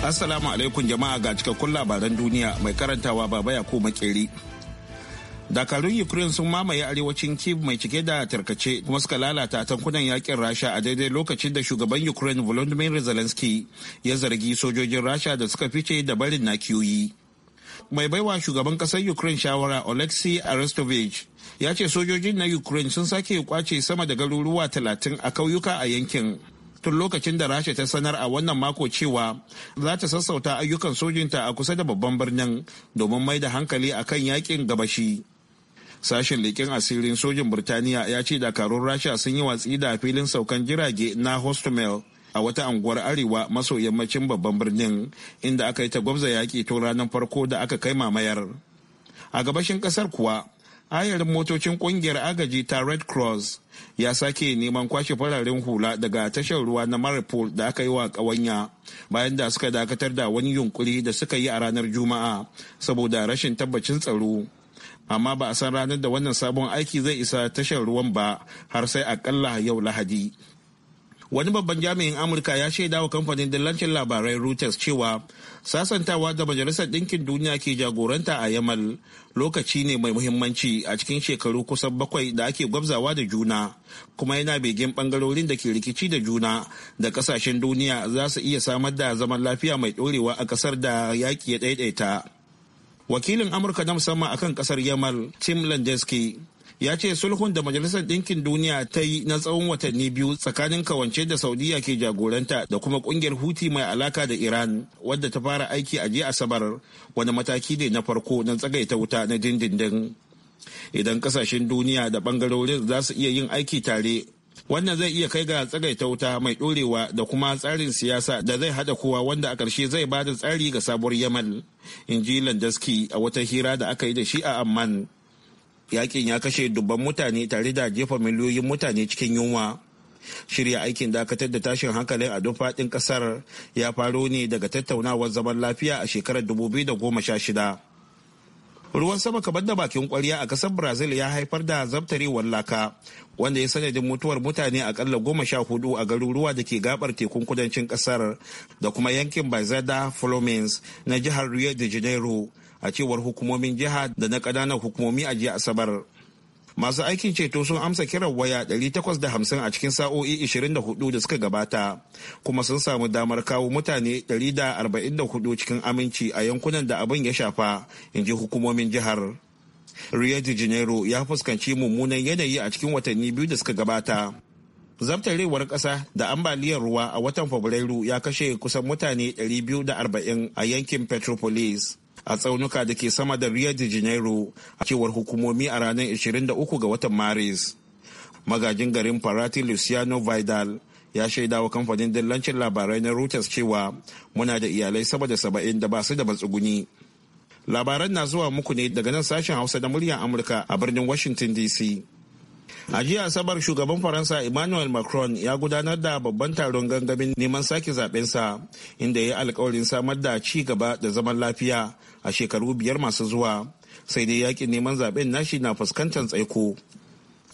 Assalamu alaikum jama'a ga cikakkun labaran duniya mai karantawa baba ya makeri. Dakarun Ukraine sun mamaye arewacin Kyiv mai cike da tarkace kuma suka lalata tankunan yakin Rasha a daidai lokacin da shugaban Ukraine Volodymyr Zelensky ya zargi sojojin Rasha da suka fice da barin na kiyoyi. Mai baiwa shugaban kasar Ukraine shawara Oleksiy Arestovich ya ce sojojin na Ukraine sun sake kwace sama da garuruwa talatin a kauyuka a yankin tun lokacin da rasha ta sanar a wannan mako cewa za ta sassauta ayyukan sojinta a kusa da babban birnin domin mai da hankali a kan yakin gabashi sashen leƙen asirin sojin birtaniya ya ce dakarun rasha sun yi watsi da filin saukan jirage na hostomel a wata anguwar arewa maso yammacin babban birnin inda aka yi ta gwabza yaƙi tun ranar farko da aka kai mamayar a gabashin ƙasar kuwa ayarin motocin kungiyar agaji ta red cross ya sake neman kwashe fararen hula daga tashar ruwa na maripol da aka yi wa ƙawanya bayan da suka dakatar da wani yunkuri da suka yi a ranar juma'a saboda rashin tabbacin tsaro amma ba a san ranar da wannan sabon aiki zai isa tashar ruwan ba har sai akalla yau lahadi wani babban jami'in amurka ya shaida wa kamfanin dillancin labarai reuters cewa sasantawa da majalisar ɗinkin duniya ke jagoranta a yamal lokaci ne mai muhimmanci a cikin shekaru kusan bakwai da ake gwabzawa da juna kuma yana begen bangarorin da ke rikici da juna da kasashen duniya za su iya samar da zaman lafiya mai ɗorewa a kasar da yaƙi ya ɗaiɗaita wakilin amurka na musamman akan kasar yamal tim landeski ya ce sulhun da majalisar ɗinkin duniya ta yi na tsawon watanni biyu tsakanin kawance da saudiya ke jagoranta da kuma kungiyar huti mai alaka da iran wadda ta fara aiki a jiya asabar wani mataki ne na farko na tsagaita wuta na dindindin idan kasashen duniya da bangarorin za su iya yin aiki tare wannan zai iya kai ga tsagaita wuta mai ɗorewa da kuma tsarin siyasa da zai hada kowa wanda a ƙarshe zai bada tsari ga sabuwar yamal in ji landaski a wata hira da aka yi da shi a amman yakin ya kashe dubban mutane tare da jefa miliyoyin mutane cikin yunwa shirya aikin dakatar da tashin hankalin a duk faɗin ƙasar ya faro ne daga tattaunawar zaman lafiya a shekarar 2016 ruwan sama kamar da bakin kwarya a ƙasar brazil ya haifar da zabtarewar laka wanda ya sanadin mutuwar mutane akalla goma sha hudu a garuruwa da ke gabar tekun kudancin ƙasar da kuma yankin bazada flomens na jihar rio de janeiro a cewar hukumomin jiha da na ƙananan hukumomi a jiya asabar masu aikin ceto sun amsa kiran waya 850 a cikin sa'o'i 24 da suka gabata kuma sun samu damar kawo mutane 144 cikin aminci a yankunan da abin ya shafa in ji hukumomin jihar rio de janeiro ya fuskanci mummunan yanayi a cikin watanni biyu da suka gabata zabtarewar ƙasa da ambaliyar ruwa a watan fabrairu ya kashe kusan mutane 240 a yankin petropolis a tsaunuka da ke sama da rio de janeiro a cewar hukumomi a ranar 23 ga watan maris magajin garin farati luciano vidal ya shaida wa kamfanin dillancin labarai na reuters cewa muna da iyalai sama da saba'in da ba su da matsuguni labaran na zuwa muku ne daga nan sashen hausa da muryar amurka a birnin washington dc A jiya Asabar shugaban Faransa Emmanuel Macron ya gudanar da babban taron gangamin neman sake zaɓensa inda ya yi alkawarin samar da ci gaba da zaman lafiya a shekaru biyar masu zuwa sai dai yakin neman zaɓen nashi na fuskantar tsaiko.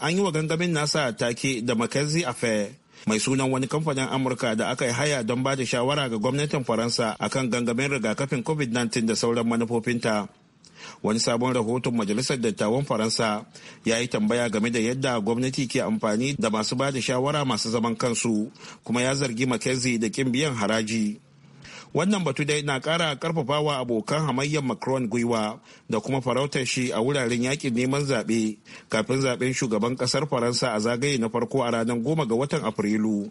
An yi wa gangamin nasa take da Mackenzie Affair mai sunan wani kamfanin Amurka da aka yi haya don ba da shawara ga gwamnatin Faransa akan gangamin rigakafin COVID-19 da sauran manufofinta. wani sabon rahoton majalisar dattawan faransa ya yi tambaya game da yadda gwamnati ke amfani da masu ba da shawara masu zaman kansu kuma ya zargi mckenzie da kin biyan haraji wannan batu dai na kara karfafawa abokan hamayyar macron gwiwa da kuma farautar shi a wuraren yakin neman zaɓe kafin zaɓen shugaban ƙasar faransa a zagaye na farko a ranar goma ga watan afrilu.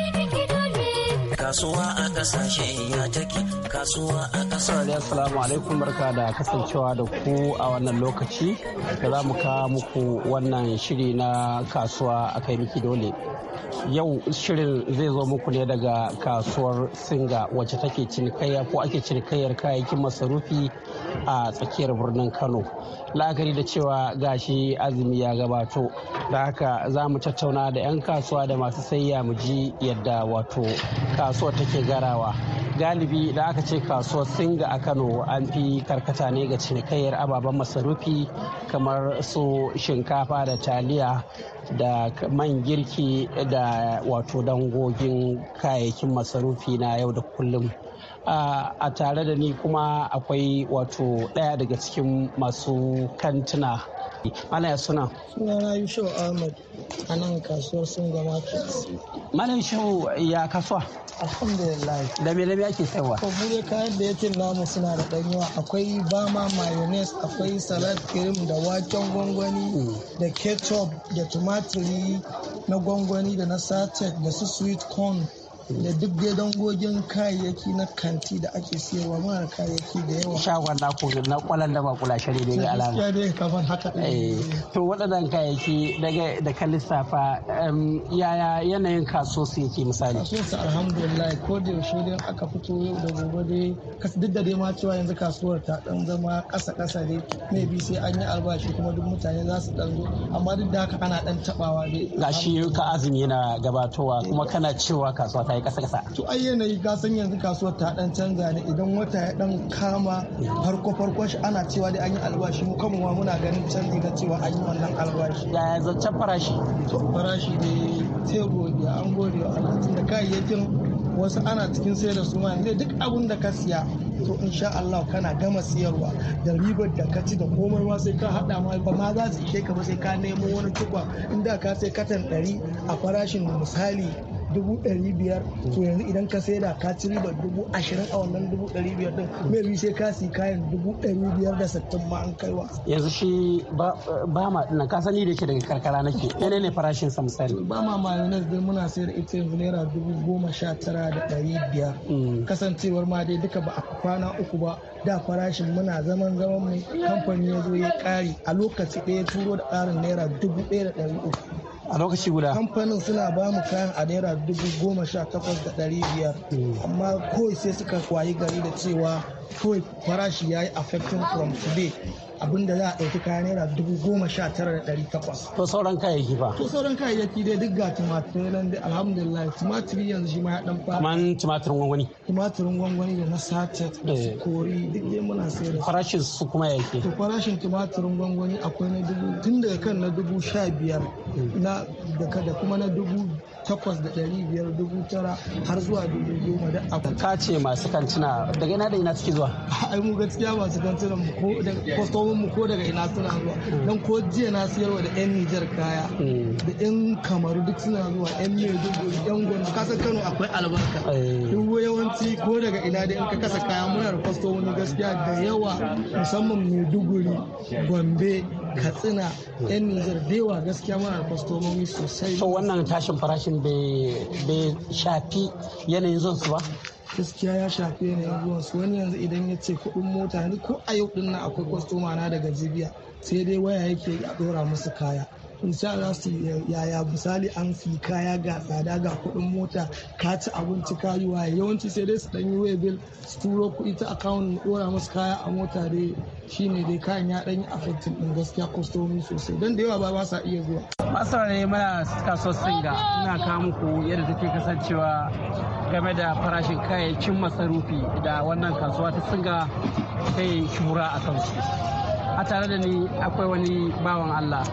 kasuwa a kasashe ya take kasuwa a kasashe assalamu alaikum barka da kasancewa da ku a wannan lokaci da za mu kawo muku wannan shiri na kasuwa a kai miki dole yau shirin zai zo muku ne daga kasuwar singa wacce take cinikayya ko ake cinikayyar kayayyakin masarufi a tsakiyar birnin kano la'akari da cewa gashi azumi ya gabato da haka za mu tattauna da 'yan kasuwa da masu sayya mu ji yadda wato kasuwar take garawa galibi da aka ce kasuwar singa a kano an fi karkata ne ga cinikayyar ababen masarufi kamar su shinkafa da taliya da man girki da wato dangogin kayayyakin masarufi na yau da kullum a tare da ni kuma akwai wato ɗaya daga cikin masu kantuna ya suna. Sunana Yusuf Ahmad a nan kasuwar Singa Market. Malam Yusuf ya kasuwa? Alhamdulillah. Da me da ake ko Kabure kayan da yake namu suna da ɗan yawa akwai bama mayonnaise akwai salad cream da waken gwangwani da ketchup da tumatiri na gwangwani da na sachet da su sweet corn da duk dangogin kayayyaki na kanti da ake siyarwa mara kayayyaki da yawa shagon na kogin na kwalan da makula shari da ga alama gaskiya dai kamar haka eh, to waɗannan kayayyaki daga da ka lissafa yaya yanayin kaso su yake misali kaso su alhamdulillah ko da yaushe dai aka fito yau da gobe dai duk da dai ma cewa yanzu kasuwar ta dan zama ƙasa ƙasa dai bi sai an yi albashi kuma duk mutane za su dan zo amma duk da haka ana dan tabawa dai gashi ka azumi yana gabatowa kuma kana cewa kasuwa ta yi kasa kasa to ai yanayi ka san yanzu kasuwar ta dan canza ne idan wata ya dan kama farko farko shi ana cewa dai an yi albashi mu kanmu muna ganin canji da cewa an yi wannan albashi ya zancen farashi to farashi ne sai godiya an gode wa Allah da kayayyakin wasu ana cikin sayar da su ma ne duk abun da ka siya to insha Allah kana gama siyarwa da ribar da ka ci da komai ma sai ka hada ma ba ma za su ishe ka ba sai ka nemo wani tukwa inda ka sai katan 100 a farashin misali dubu ɗari biyar to yanzu idan ka saida ka ci riba dubu ashirin a wannan dubu ɗari biyar ɗin mai sai ka si kayan dubu ɗari biyar da sittin ma an kaiwa. yanzu shi ba ma ɗinan ka sani da ke daga karkara nake yana ne farashin samsari? ba ma mayonnaise dai muna sayar ita yanzu naira dubu goma sha tara da ɗari biyar. Mm. kasancewar ma dai duka ba a kwana uku ba da farashin muna zaman zaman mai kamfani ya zo ya ƙari a lokaci ɗaya turo da ƙarin naira dubu ɗaya da ɗari uku. a lokaci guda kamfanin suna ba mu kayan a naira dubu goma sha takwas da ɗari biyar mm. amma kawai sai suka kwayi gari da cewa kawai farashi ya yi affecting from today abinda za a ɗauki kayan naira dubu goma sha tara da ɗari takwas. To sauran kayayyaki ba. To sauran kayayyaki dai duk ga tumatir nan da alhamdulillah Tumatirin yanzu shi ma ya ɗan fara. Kaman tumatirin gwangwani. Tumatirin gwangwani da na sachet da su eh. kori duk dai muna sayar da. Farashin su kuma ya yake. To farashin tumatirin gwangwani akwai na dubu tun daga kan na dubu sha biyar hmm. na da kuma na dubu takwas da biyar dubu tara har zuwa dubu da abu. ka ce masu kantina daga ina da ina suke zuwa. ai mu gaskiya masu kantina mu ko da kwastomin mu ko daga ina suna zuwa mm. don ko jiya na siyarwa da yan nijar kaya mm. da yan kamaru duk suna zuwa yan dubu yan gona san kano akwai albarka eh. duk yawanci ko daga ina da in ka kasa kaya muna da kwastomin gaskiya da yawa musamman maiduguri gombe katsina yan nijar da yawa gaskiya muna da kwastomin sosai. wannan tashin farashin bai shafi yanayin zuwansu ba gaskiya ya shafi yanayin zuwansu wani yanzu idan ya ce kuɗin mota ni ko a yau ɗin akwai kwastoma na daga jibiya sai dai waya yake a ɗora musu kaya insha za su yaya misali an fi kaya ga tsada ga kuɗin mota kaci ci abinci ka yi waye yawanci sai dai su ɗan yi waya bil su turo kuɗi ta akawun ɗora musu kaya a mota dai ne dai kayan ya ɗan yi affecting ɗin gaskiya kwastomi sosai don da yawa ba ba sa iya zuwa. ne mana kasuwar singa ina kawo muku yadda take kasancewa game da farashin kayayyakin masarufi da wannan kasuwa ta singa ta yi shura a kansu. a tare da ni akwai wani bawan Allah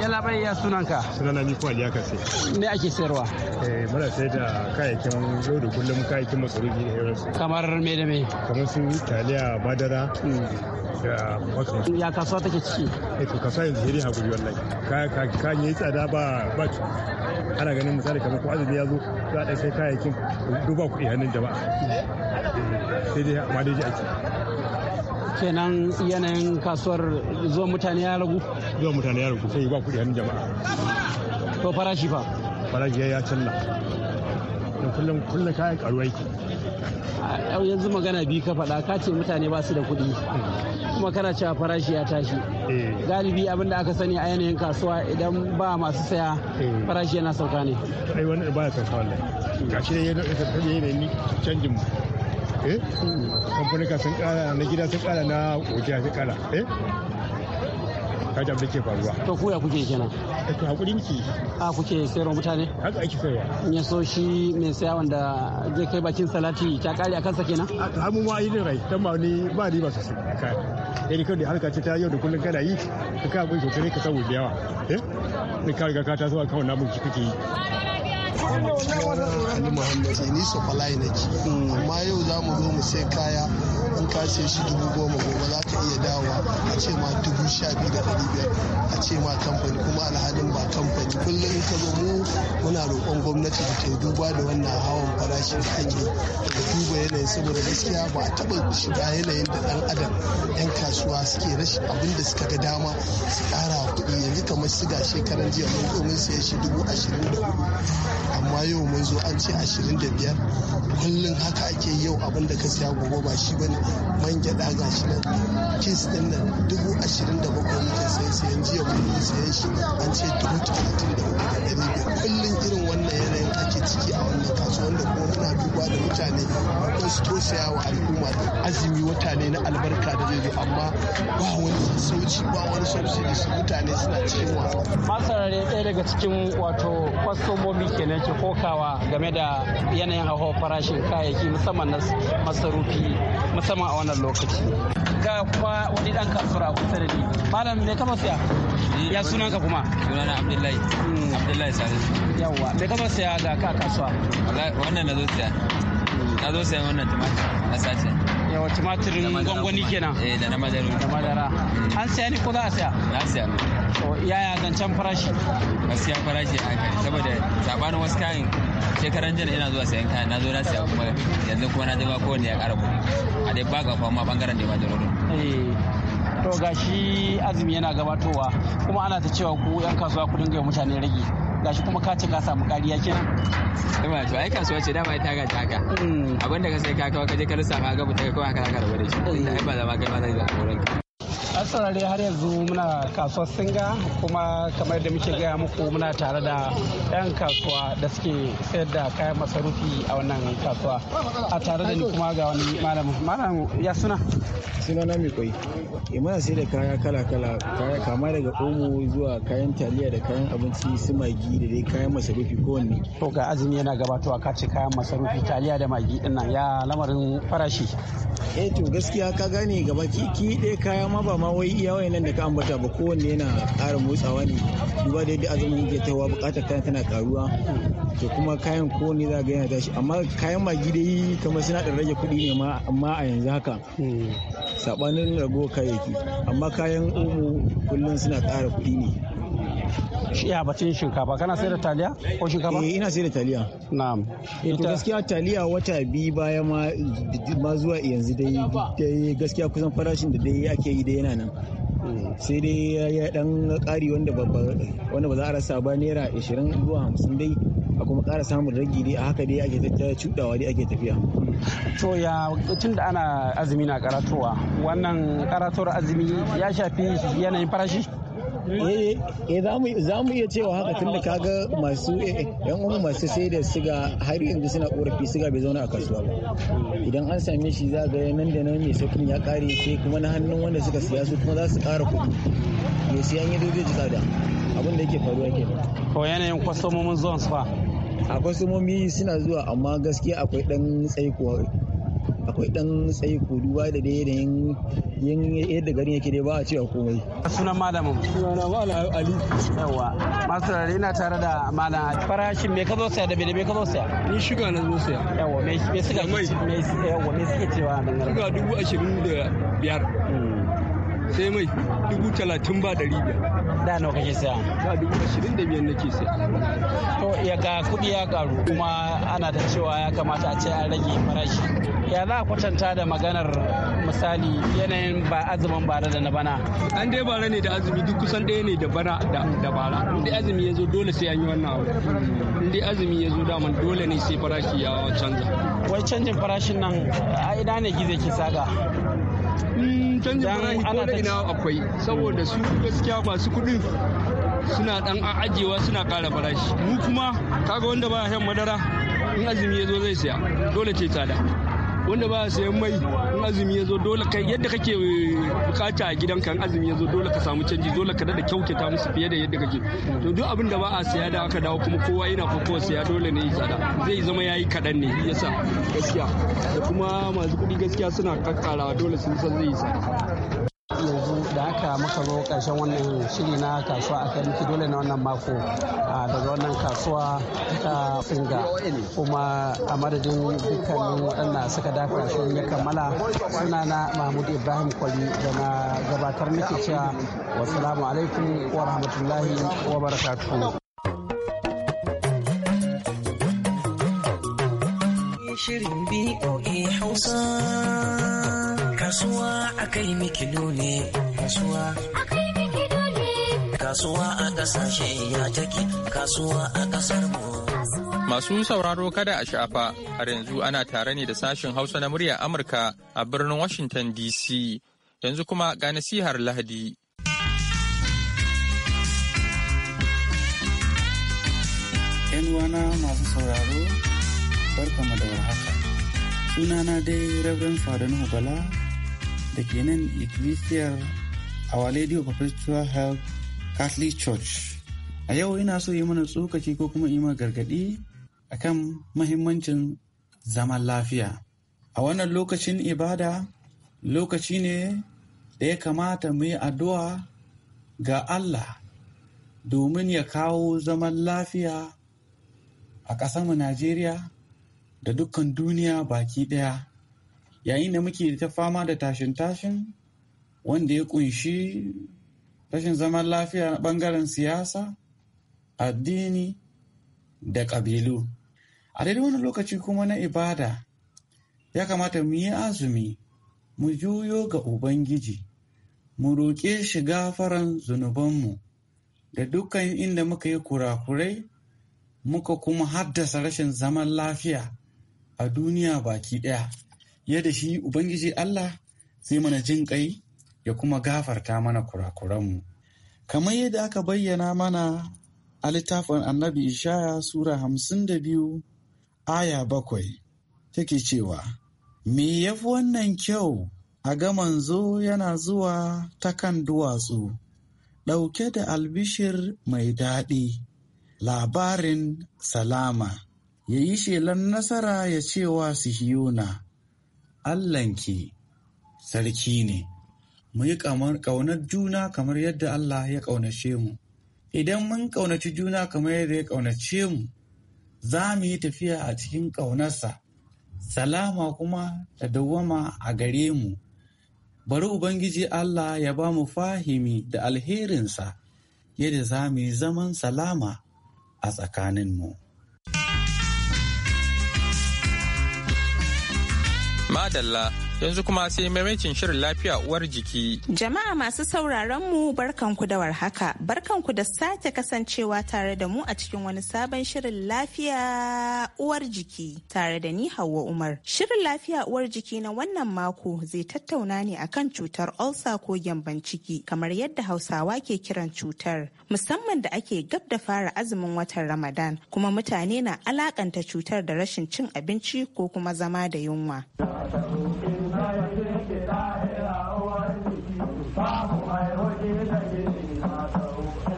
ya labai ya sunanka sunana ni kwali ya kase me ake sayarwa eh muna sayar da kayayyakin yau da kullum kayayyakin masarufi da yawansu kamar me da me kamar su taliya madara hmm. da makamashi ya kasuwa take ciki eh to kasuwa yanzu hiri hakuri wallahi ka ka yi tsada ba ba ana ganin misali kamar ko azumi ya zo za a ɗauke kayayyakin duba kuɗi hannun jama'a eh, sai dai amma dai ake kenan yanayin kasuwar zuwa mutane ya ragu zuwa mutane ya ragu sai ba kuɗi hannun jama'a to farashi fa farashi ya canna da kullum kullum kayan karuwa yake yanzu magana biyu ka faɗa ka ce mutane ba su da kuɗi kuma kana cewa farashi ya tashi galibi abinda aka sani a yanayin kasuwa idan ba masu saya farashi yana sauka ne ai wani ba ya sauka wallahi gashi ne yanayin canjin eh kamfanika sun kara na gida sun kara na wajen sun kara eh kaji abin da ke faruwa to ku ya kuke kenan eh, to hakuri miki a kuke sayarwa mutane haka ake sayarwa in ya so shi mai saya wanda zai kai bakin salati ta kare a kansa kenan a hamu ma yi rai dan ba ni ba riba sosai kai eh kai da harka ce ta yau da kullun kana yi ka kai abin sosai ka samu da yawa eh ni ka riga ka taso a kawai namun kike yi Ali Muhammad ce ni na nake amma yau za mu zo mu sai kaya in ka sai shi dubu goma gobe za ka iya dawa a ce ma dubu sha biyu da ɗari biyar a ce ma kamfani kuma alhalin ba kamfani kullum in ka zo mu muna roƙon gwamnati da ta duba da wannan hawan farashin da ake da duba yanayin saboda gaskiya ba a taɓa shiga yanayin da ɗan adam 'yan kasuwa suke rashin abin da suka ga dama su ƙara kuɗi yanzu kamar ga shekaran jiya mun komin sai shi dubu ashirin da hudu amma yau mun zo an ce 25 kullum haka ake yau abin da ka siya gobe ba shi bane man gyada ga shi nan kis din nan dubu ashirin da bakwai muke sayan sayan jiya kullum sayan shi an ce dubu talatin da uku da ɗari biyar kullum irin wannan yanayin ake ciki a wannan kasuwan da kuma muna duba da mutane akwai su to siya wa al'umma azumi wata ne na albarka da zai zo amma ba wani sassauci ba wani sassauci da su mutane suna cikin wasa. masarare ɗaya daga cikin wato kwastomomi kenan ke kokawa game da yanayin hauhawar farashin kayayyaki musamman na masarufi musamman a wannan lokaci ga kuma wani dan a kusa da ni malam me kama siya ya sunan ka kuma na abdullahi hmm. abdullahi salisu Yawwa me kama siya ga ka kasuwa wannan na zo siya na zo siya wannan tumatir na sace tumatirin gwangwani kenan eh da na madara da madara an siya ne ko za a siya na siya ne yaya zancen farashi gaskiya farashi a kai saboda sabanin wasu kayan shekaran jana ina zuwa sayan kayan na zo na siya kuma yanzu kuma na jima kowanne ya kara kuɗi a dai ba gafa ma bangaren da majalurin eh, to gashi azumi yana gabatowa kuma ana ta cewa ku yan kasuwa ku dinga mutane rage gashi kuma ka ce ka samu kariya kenan kuma to ai kasuwa ce dama ita gaji haka hmm. abinda ka sai ka kawo ka je ka ma ga fita ka kawai haka ka rabu da shi eh. ai ba zama kai ma zai zama wurin asarare har yanzu muna kasuwar singa kuma kamar da muke gaya muku muna tare da 'yan kasuwa da suke sayar da kayan masarufi a wannan kasuwa a tare da ni kuma ga wani malamin malamu ya suna suna na mai kwai eh, muna sai da kaya kala kala kaya kama daga omo zuwa kayan taliya da kayan abinci su magi da dai kayan masarufi kowanne to ga azumi yana gabatowa ka ce kayan masarufi taliya da magi dinnan ya lamarin farashi eh to gaskiya ka gane gaba ki dai kaya ma ba ma ma wai iya wayan nan da ka ambata ba kowanne yana ƙara motsawa ne duba da yadda azumin yake tawa buƙatar kayan tana ƙaruwa to kuma kayan kowanne za ga yana tashi amma kayan magi dai kamar suna da rage kuɗi ne ma a yanzu haka hmm. saɓanin ragowar kayayyaki amma kayan omo kullum suna ƙara kuɗi ne ya bacin shinkafa kana sai da taliya ko shinkafa eh ina sai da taliya na'am eh to gaskiya taliya wata biyu baya ma ma zuwa yanzu dai gaskiya kusan farashin da dai ake yi dai yana nan sai dai ya dan kari wanda ba wanda ba za a rasa ba naira 20 zuwa 50 dai a kuma ƙara samun ragi dai a haka dai ake ta cudawa dai ake tafiya. To ya tun da ana azumi na karatowa wannan karatuwar azumi ya shafi yanayin farashi? Eh, eh, za mu iya cewa haka tun da kaga masu eh, yan uwan masu sai da siga har yanzu suna korafi siga bai zauna a kasuwa ba idan an same shi za ga nan da nan mai sakin ya kare sai kuma na hannun wanda suka siya su kuma za su kara kuɗi mai siyan ya zo zai ji tsada abin da yake faruwa ke ko yanayin kwastomomin zuwan fa a kwastomomi suna zuwa amma gaskiya akwai dan tsaiko akwai dan tsayi ko duba da dai yanayin yadda garin yake dai ba a cewa komai sunan malamin sunan malamin ali yawa masu rari na tare da malam farashin me ka zo saya da me da me ka zo saya ni shuga na zo saya yawa me me suka mai me yawa me suke cewa nan shuga dubu ashirin da biyar hmm. sai mai dubu talatin ba da biyar da nawa kake saya da dubu ashirin da biyar nake saya to ya ga kuɗi ya karu kuma ana ta cewa ya kamata a ce an rage farashi ya za a kwatanta da maganar misali yanayin ba azumin bara da na bana an dai bara ne da azumi duk kusan ɗaya ne da bana da bara in azumi ya zo dole sai an yi wannan abu in azumi ya zo daman dole ne sai farashi ya canza wai canjin farashin nan a ina ne gizo ke saga hmm, canjin farashi ko da ina akwai saboda su gaskiya masu kuɗi suna dan ajewa suna kara farashi mu kuma kaga wanda ba shan madara in azumi ya zo zai siya dole ce tsada wanda ba sayan mai in azumi ya zo dole kai yadda kake eh, bukata a gidan in azumi ya zo dole ka samu canji dole ka da kyautata musu fiye da yadda kake to duk abin da ba a saya da aka dawo kuma kowa yana kokowa saya dole ne ya zai zama yayi kaɗan ne yasa gaskiya da kuma masu kuɗi gaskiya suna kakkarawa dole sun san zai yi sa. yanzu da haka muka zo karshen wannan shiri na kasuwa a kai miki dole na wannan mako daga wannan kasuwa ta singa kuma a madadin dukkanin waɗanda suka dafa shi ya kammala suna na mahmud ibrahim kwali da na gabatar miki cewa wasalamu alaikum wa rahmatullahi wa barakatuhu shirin BOA Hausa. Kasuwa akai miki dole ne. Kasuwa a kai mikido Kasuwa a ya take. Kasuwa a kasar mu. Masu sauraro kada a shafa, har yanzu ana tare ne da sashen Hausa na murya Amurka a birnin Washington DC. Yanzu kuma ga nasihar Lahadi. uwana masu sauraro, barkamu da warhaka. Sunana dai Reverend Fadanu Bala da ke nan ikkilisiyar a lady perpetual health catholic church a yau ina so yi mana tsokaci ko kuma yi mana gargaɗi kan mahimmancin zaman lafiya a wannan lokacin ibada lokaci ne da ya kamata mu yi addu'a ga allah domin ya kawo zaman lafiya a ƙasarmu najeriya da dukkan duniya baki ɗaya yayin da muke ta fama da tashin-tashin wanda ya kunshi rashin zaman lafiya na bangaren siyasa addini da ƙabilu a daidai wani lokaci kuma na ibada ya kamata mu yi azumi mu juyo ga ubangiji mu roƙe shi gafaran zunubanmu da dukkan inda muka yi kurakurai muka kuma haddasa rashin zaman lafiya a duniya baki ɗaya yadda shi Ubangiji Allah zai mana jin ƙai ya kuma gafarta mana kurakuranmu. Kamar yadda aka bayyana mana a littafin annabi Ishaya Sura hamsin da biyu aya bakwai take cewa, Me ya fi wannan kyau a gaman zo yana zuwa ta kan duwatsu, ɗauke da albishir mai daɗi, labarin salama, ya yi shelan nasara ya cewa Sihiyona. Allahnki sarki ne, mu yi ƙaunar juna kamar yadda Allah ya ƙaunace mu. Idan mun ƙaunaci juna kamar yadda ya ƙaunace mu, za mu yi tafiya a cikin ƙaunarsa, salama kuma da dawwama a gare mu. Bari Ubangiji Allah ya ba mu fahimi da alherinsa yadda za mu yi zaman salama a tsakaninmu. Madalla Yanzu kuma sai maimacin shirin lafiya uwar jiki. Jama'a masu sauraron mu barkanku da warhaka. Barkanku da sake kasancewa tare da mu a cikin wani sabon shirin lafiya uwar jiki tare da ni Hauwa Umar. Shirin lafiya uwar jiki na wannan mako zai tattauna ne akan cutar ulcer ko gyamban ciki kamar yadda Hausawa ke kiran cutar musamman da ake gab da fara azumin watan Ramadan kuma mutane na alakanta cutar da rashin cin abinci ko kuma zama da yunwa. Thank you.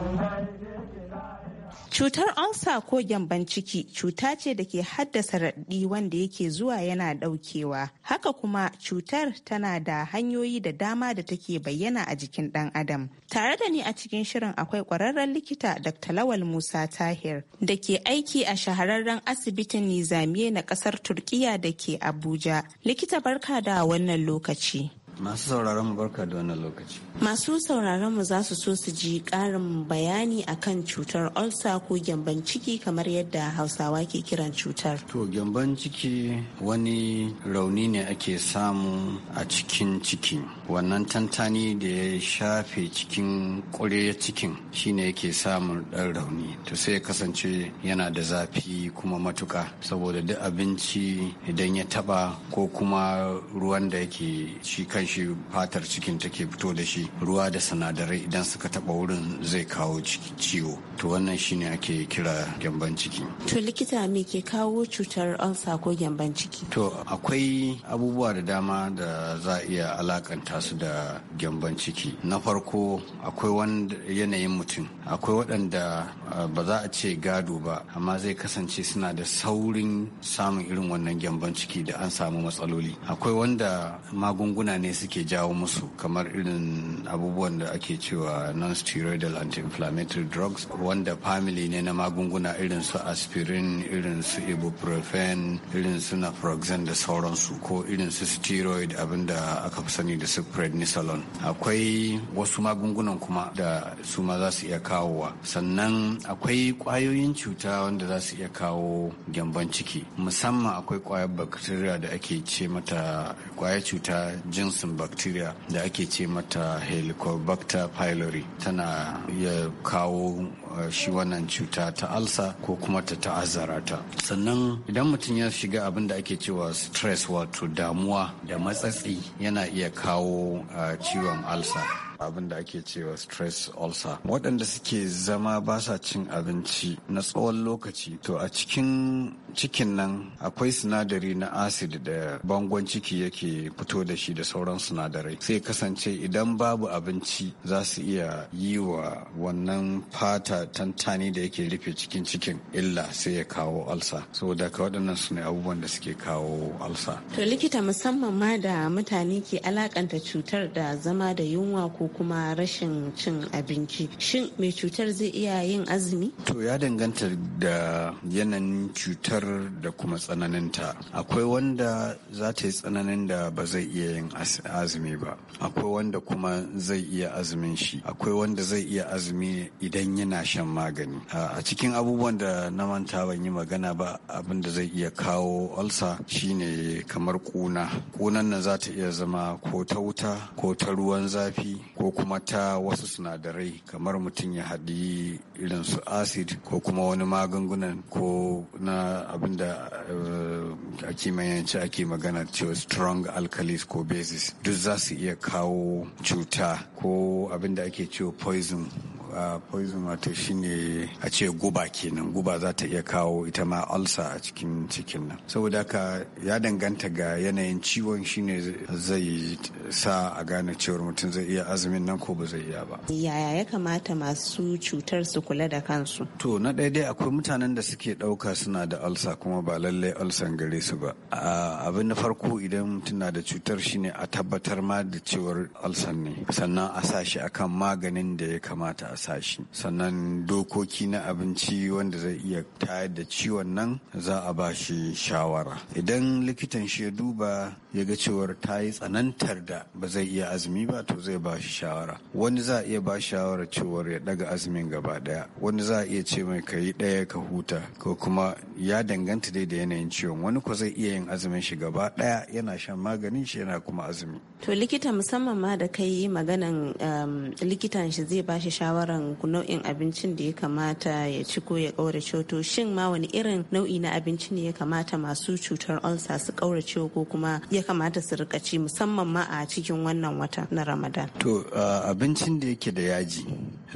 Cutar ansa ko gyamban ciki cuta ce da ke haddasa raɗi wanda yake zuwa yana ɗaukewa. Haka kuma cutar tana da hanyoyi da dama da take bayyana a jikin ɗan adam. Tare da ni a cikin shirin akwai ƙwararren likita Dr. Lawal Musa Tahir da ke aiki a shahararren asibitin Nizamiye na ƙasar Turkiya da ke Abuja. Likita barka da wannan lokaci. Masu sauraron mu barka da wannan lokaci. Masu sauraron mu za su so su ji karin bayani akan cutar ulcer ko gyamban ciki kamar yadda Hausawa ke kiran cutar. To gyamban ciki wani rauni ne ake samu a cikin ciki. Wannan tantani da ya shafe cikin ƙure cikin shine yake samun ɗan rauni. To sai ya kasance yana da zafi kuma matuka saboda duk abinci idan ya taɓa ko kuma ruwan da yake shi kan shi fatar cikin take fito da shi ruwa da sinadarai idan suka taba wurin zai kawo ciwo to wannan shine ake kira gyamban ciki to likita me ke kawo cutar ansa ko gyamban ciki to akwai abubuwa da dama da za a iya alakanta su da gyamban ciki na farko akwai wani yanayin mutum akwai waɗanda ba za a ce gado ba amma zai kasance suna da saurin samun irin wannan gyamban ciki da an samu matsaloli akwai wanda magunguna ne suke jawo musu kamar irin abubuwan da ake cewa non-steroidal anti-inflammatory drugs wanda family ne na magunguna irin su aspirin irin su ibuprofen irin su naproxen da sauransu ko irin su steroid abinda aka fi sani da su prednisolone akwai wasu magungunan kuma da su ma za su iya kawowa sannan akwai kwayoyin cuta wanda za su iya kawo gyamban ciki musamman akwai kwayar bacteria da ake ce mata kwayar cuta jins jinsin bacteria da ake ce mata helicobacter pylori tana ya kawo eh, shi wannan cuta ta alsa ko kuma ta ta'azzara ta sannan idan mutum ya shiga abin da ake cewa stress wato damuwa da matsatsi yana iya kawo eh, ciwon alsa abin da ake cewa stress ulcer waɗanda suke zama ba sa cin abinci na tsawon lokaci to a cikin cikin nan akwai sinadari na acid da bangon ciki yake fito da shi da sauran sinadarai sai kasance idan babu abinci za su iya yi wa wannan fata tantani da yake rufe cikin cikin illa sai ya kawo alsa saboda ka waɗannan su ne abubuwan da suke kawo alsa to likita musamman ma da mutane ke alakanta cutar da zama da yunwa ko kuma rashin cin abinci shin mai cutar zai iya yin azumi to ya danganta da yanayin cutar da kuma tsananin ta. akwai wanda za ta yi tsananin da ba zai iya yin azumi ba akwai wanda kuma zai iya azumin shi akwai wanda zai iya azumi idan yana shan magani a cikin abubuwan da na manta ban yi magana ba abin da zai iya kawo alsa shine kamar kuna kunan nan za ta iya zama ko ta wuta ko ta ruwan zafi ko kuma ta wasu sinadarai kamar mutum ya haɗi irin su acid ko kuma wani magungunan ko na abin da eh, a mayanci ake magana cewa strong alkalis ko basis duk za su iya kawo cuta ko abin da ake cewa poison poison wato shine a ce guba kenan guba za ta iya kawo ita ma ulcer a cikin cikin nan saboda haka ya danganta ga yanayin ciwon shine zai sa a gane cewar mutum zai iya azumin nan ko ba zai iya ba yaya ya kamata masu cutar su kula da kansu to na daidai akwai mutanen da suke ɗauka suna da ulcer kuma ba lallai ulcer gare su ba abin na farko idan mutum na da cutar shine a tabbatar ma da cewar ulcer ne sannan a sa shi akan maganin da ya kamata a sashi sannan dokoki na abinci wanda zai iya tayar da ciwon nan za a ba shi shawara idan likitan shi ya duba ya ga cewar ta yi tsanantar da ba zai iya azumi ba to zai ba shi shawara wani za a iya ba shawara cewar ya daga azumin gaba daya wani za a iya ce mai ka yi daya ka huta ko kuma ya danganta dai da yanayin ciwon wani ko zai iya yin azumin shi gaba daya yana shan maganin shi yana kuma azumi to likita musamman ma da kai yi maganan um, likitan shi zai ba shi shawaran nau'in abincin da ya kamata ya ci ko ya kaurace to shin ma wani irin nau'i na abinci ne ya kamata masu cutar ulcer su kaurace ko kuma ya ya kamata su rika ci musamman ma a cikin wannan wata na Ramadan? To abincin da yake da yaji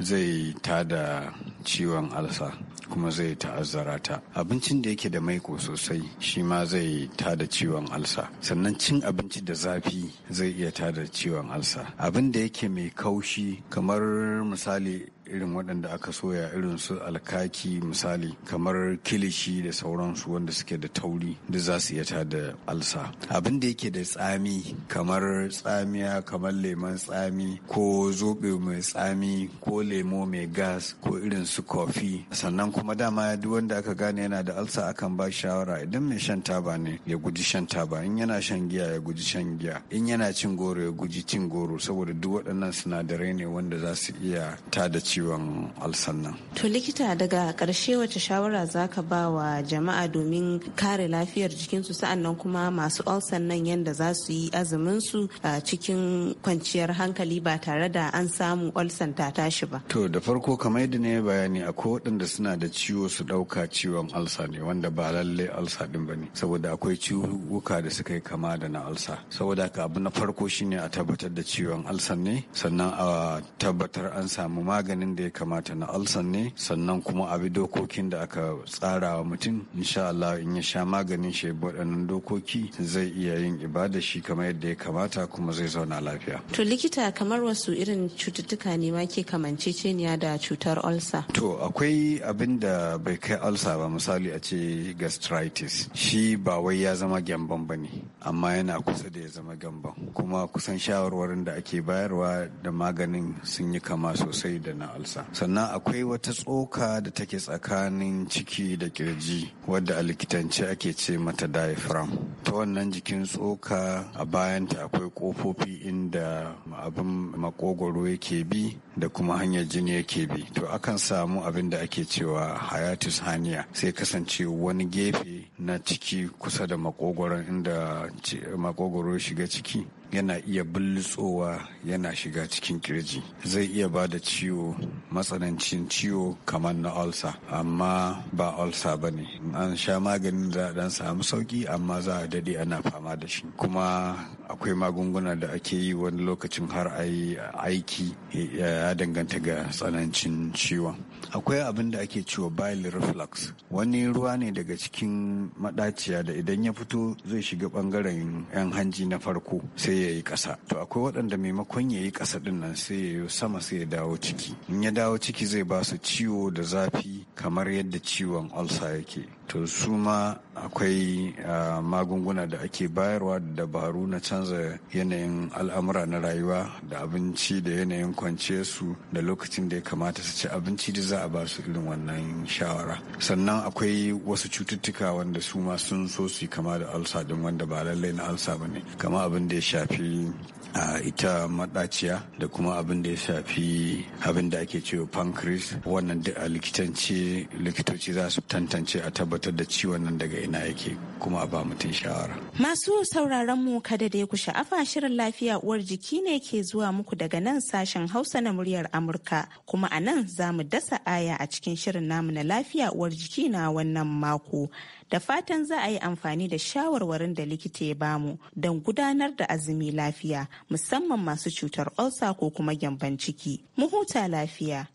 zai tada ciwon alsa kuma zai ta'azzara ta abincin da yake da maiko sosai shi ma zai tada ciwon alsa sannan cin abinci da zafi zai iya tada ciwon alsa abin da yake mai kaushi kamar misali irin waɗanda aka soya irin su alkaki misali kamar kilishi da sauransu wanda suke da tauri da za su yata da alsa abin da yake da tsami kamar tsamiya kamar lemon tsami ko zobe mai tsami ko lemo mai gas ko irin su kofi sannan kuma dama duk wanda aka gane yana da alsa akan ba shawara idan mai shan taba ne ya guji shan taba in yana shan giya ya guji shan giya in yana cin goro ya guji cin goro saboda duk waɗannan sinadarai ne wanda za su iya tada ci ciwon alsan nan. To likita daga ƙarshe wace shawara za ka ba wa jama'a domin kare lafiyar jikinsu sa'an kuma masu alsan nan yadda za su yi azumin su a cikin kwanciyar hankali ba tare da an samu alsan ta tashi ba. To da farko kamar yadda ne bayani akwai waɗanda suna da ciwo su ɗauka ciwon alsa ne wanda ba lallai alsa ɗin ba ne saboda akwai ciwuka da suka yi kama da na alsa saboda haka abu na farko shine a tabbatar da ciwon alsan ne sannan a tabbatar an samu maganin maganin da ya kamata na alsan ne sannan kuma abi dokokin da aka tsara wa mutum insha Allah in ya sha maganin shi waɗannan dokoki zai iya yin ibada shi kamar yadda ya kamata kuma zai zauna lafiya. To likita kamar wasu irin cututtuka ne ma ke kamance kamanceceniya da cutar ulcer? To akwai abin da bai kai ulcer ba misali a ce gastritis shi ba wai ya zama gyamban ba ne amma yana kusa da ya zama gyamban kuma kusan shawarwarin da ake bayarwa da maganin sun yi kama sosai da na alsa sannan akwai wata tsoka da take tsakanin ciki da kirji wadda a likitance ake ce mata diaphragm ta wannan jikin tsoka a bayanta akwai kofofi inda abin maƙogwaro yake bi da kuma hanyar jini yake bi to akan samu abin da ake cewa hayatus haniya sai kasance wani gefe na ciki kusa da makogoron inda makogoro shiga ciki yana iya bullutsowa yana shiga cikin kirji zai iya ba da ciwo matsanancin ciwo kamar na ulcer amma ba ulcer ba ne an sha maganin za a dan samu sauki amma za a dade ana fama da shi kuma akwai magunguna da ake yi wani lokacin har a yi aiki eh, ya danganta ga tsanancin ciwon akwai abin da ake cewa bile reflux wani ruwa ne daga cikin madaciya da idan ya fito zai shiga bangaren yan hanji na farko sai ya yi ƙasa to akwai waɗanda maimakon ya yi ƙasa ɗinnan nan sai ya yi sama sai ya dawo ciki in ya dawo ciki zai ba su ciwo da zafi kamar yadda ciwon ulcer yake to su ma akwai magunguna da ake bayarwa da dabaru na canza yanayin al'amura na rayuwa da abinci da yanayin kwanciyarsu da lokacin da ya kamata su ci abinci da za a ba su irin wannan shawara sannan akwai wasu cututtuka wanda su ma sun so su kama da alsa din wanda ba lallai na alsa ba ne kama abin da ya shafi a ita maɗaciya da kuma abin da ya shafi abin da ake cewa pancreas wannan duk likitanci likitoci za su tantance a tabbatar da ciwon nan daga ina yake kuma a ba mutum shawara. Masu sauraron mu kada da ya ku sha'afa shirin lafiya uwar jiki ne ke zuwa muku daga nan sashen Hausa na muryar Amurka kuma a nan za mu dasa aya a cikin shirin namu na lafiya uwar jiki na wannan mako. da fatan za a yi amfani da shawarwarin da likita ya bamu don gudanar da azumi lafiya musamman masu cutar olsa ko kuma gyamban ciki mu huta lafiya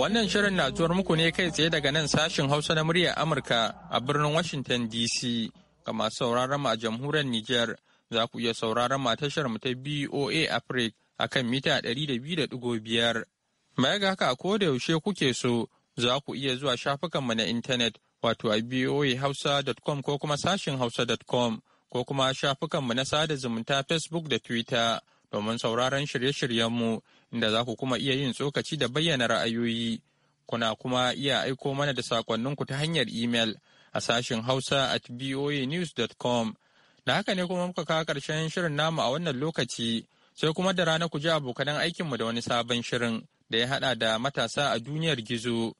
Wannan shirin na zuwar muku ne kai tsaye daga nan sashin Hausa na muryar Amurka a birnin Washington DC ga masu sauraron a jamhuriyar Niger, za ku iya sauraron mu tashar mu ta BOA Africa a kan mita 200.5. Baya ga haka a da yaushe kuke so za ku iya zuwa shafukanmu na intanet wato a voahausa.com ko kuma sashin hausa.com ko kuma shafukanmu na sada zumunta Facebook da Twitter domin sauraron shirye-shiryenmu inda za ku kuma iya yin tsokaci da bayyana ra'ayoyi. Kuna kuma iya aiko mana da ku ta hanyar email a sashin hausa at voanews.com. Da haka ne kuma muka kawo ƙarshen shirin namu a wannan lokaci. sai kuma da rana ku ji abokanan aikinmu da wani sabon shirin da ya haɗa da matasa a duniyar gizo.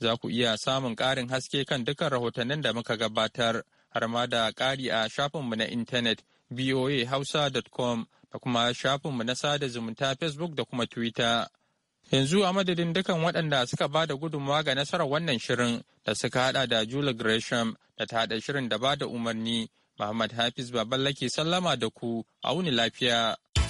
Za ku iya samun ƙarin haske kan dukkan rahotannin da muka gabatar, har ma da ƙari a shafinmu na intanet voahausa.com da kuma shafinmu na sada zumunta Facebook da kuma Twitter. Yanzu a madadin dukan waɗanda suka ba da gudunmawa ga nasarar wannan shirin da suka haɗa da Julie Gresham da ta haɗa shirin da ba da umarni, Muhammad Hafiz Baballake sallama da ku, auni lafiya.